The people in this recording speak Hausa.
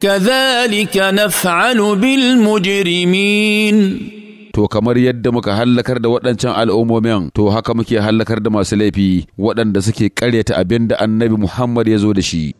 كذلك نفعل بالمجرمين to kamar yadda muka hallakar da waɗancan al'ummomin to haka muke hallakar da masu laifi waɗanda suke ƙaryata abin da annabi Muhammad ya zo da shi.